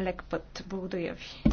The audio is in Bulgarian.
лек път. Благодаря ви.